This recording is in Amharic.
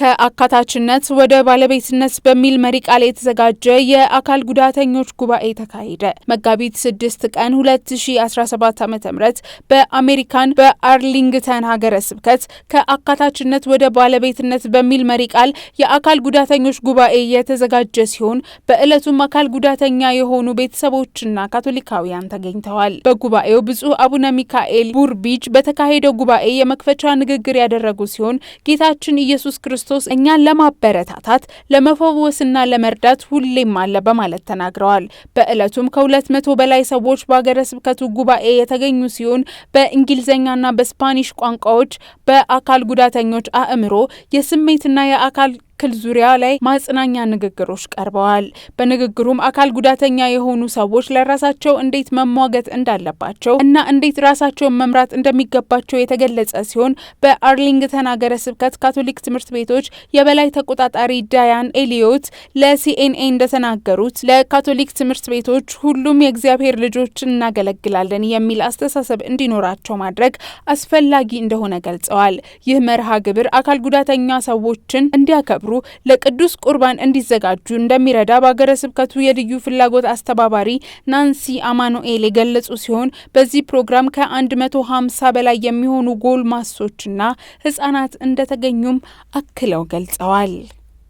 ከአካታችነት ወደ ባለቤትነት በሚል መሪ ቃል የተዘጋጀ የአካል ጉዳተኞች ጉባኤ ተካሄደ። መጋቢት 6 ቀን 2017 ዓ ም በአሜሪካን በአርሊንግተን ሀገረ ስብከት ከአካታችነት ወደ ባለቤትነት በሚል መሪ ቃል የአካል ጉዳተኞች ጉባኤ የተዘጋጀ ሲሆን በዕለቱም አካል ጉዳተኛ የሆኑ ቤተሰቦችና ካቶሊካውያን ተገኝተዋል። በጉባኤው ብፁዕ አቡነ ሚካኤል ቡርቢጅ በተካሄደው ጉባኤ የመክፈቻ ንግግር ያደረጉ ሲሆን ጌታችን ኢየሱስ ክርስቶስ ክርስቶስ እኛን ለማበረታታት ለመፈወስና ለመርዳት ሁሌም አለ በማለት ተናግረዋል። በዕለቱም ከሁለት መቶ በላይ ሰዎች በሀገረ ስብከቱ ጉባኤ የተገኙ ሲሆን በእንግሊዝኛና በስፓኒሽ ቋንቋዎች በአካል ጉዳተኞች አእምሮ የስሜትና የአካል እክል ዙሪያ ላይ ማጽናኛ ንግግሮች ቀርበዋል። በንግግሩም አካል ጉዳተኛ የሆኑ ሰዎች ለራሳቸው እንዴት መሟገት እንዳለባቸው እና እንዴት ራሳቸውን መምራት እንደሚገባቸው የተገለጸ ሲሆን በአርሊንግተን ሀገረ ስብከት ካቶሊክ ትምህርት ቤቶች የበላይ ተቆጣጣሪ ዳያን ኤሊዮት ለሲኤንኤ እንደተናገሩት ለካቶሊክ ትምህርት ቤቶች ሁሉም የእግዚአብሔር ልጆች እናገለግላለን የሚል አስተሳሰብ እንዲኖራቸው ማድረግ አስፈላጊ እንደሆነ ገልጸዋል። ይህ መርሃ ግብር አካል ጉዳተኛ ሰዎችን እንዲያከብሩ ምክሩ ለቅዱስ ቁርባን እንዲዘጋጁ እንደሚረዳ በሀገረ ስብከቱ የልዩ ፍላጎት አስተባባሪ ናንሲ አማኑኤል የገለጹ ሲሆን በዚህ ፕሮግራም ከ150 በላይ የሚሆኑ ጎልማሶችና ህጻናት እንደተገኙም አክለው ገልጸዋል።